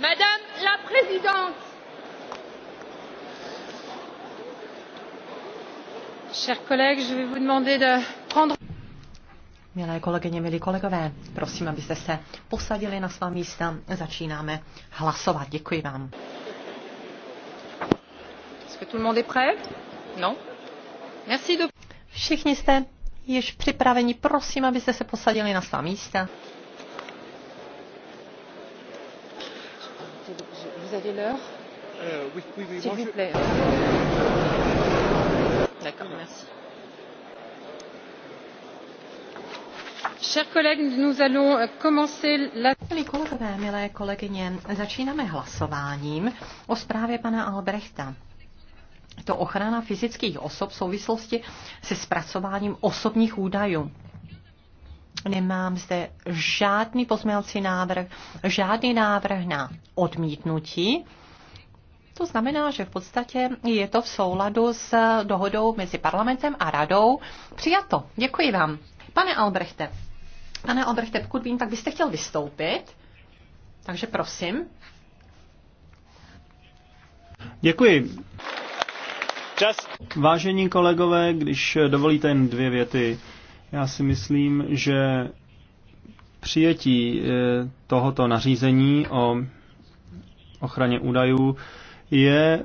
Madame la Présidente, chers collègues, je vais vous demander de prendre. Milé kolegyně, milí kolegové, prosím, abyste se posadili na svá místa. Začínáme hlasovat. Děkuji vám. Všichni jste již připraveni. Prosím, abyste se posadili na svá místa. chers collègues nous allons euh, commencer la. milí kolegové milé kolegyně začínáme hlasováním o zprávě pana albrechta to ochrana fyzických osob v souvislosti se zpracováním osobních údajů nemám zde žádný pozměňovací návrh, žádný návrh na odmítnutí. To znamená, že v podstatě je to v souladu s dohodou mezi parlamentem a radou. Přijato. Děkuji vám. Pane Albrechte, pane Albrechte, pokud vím, tak byste chtěl vystoupit. Takže prosím. Děkuji. Vážení kolegové, když dovolíte jen dvě věty. Já si myslím, že přijetí eh, tohoto nařízení o ochraně údajů je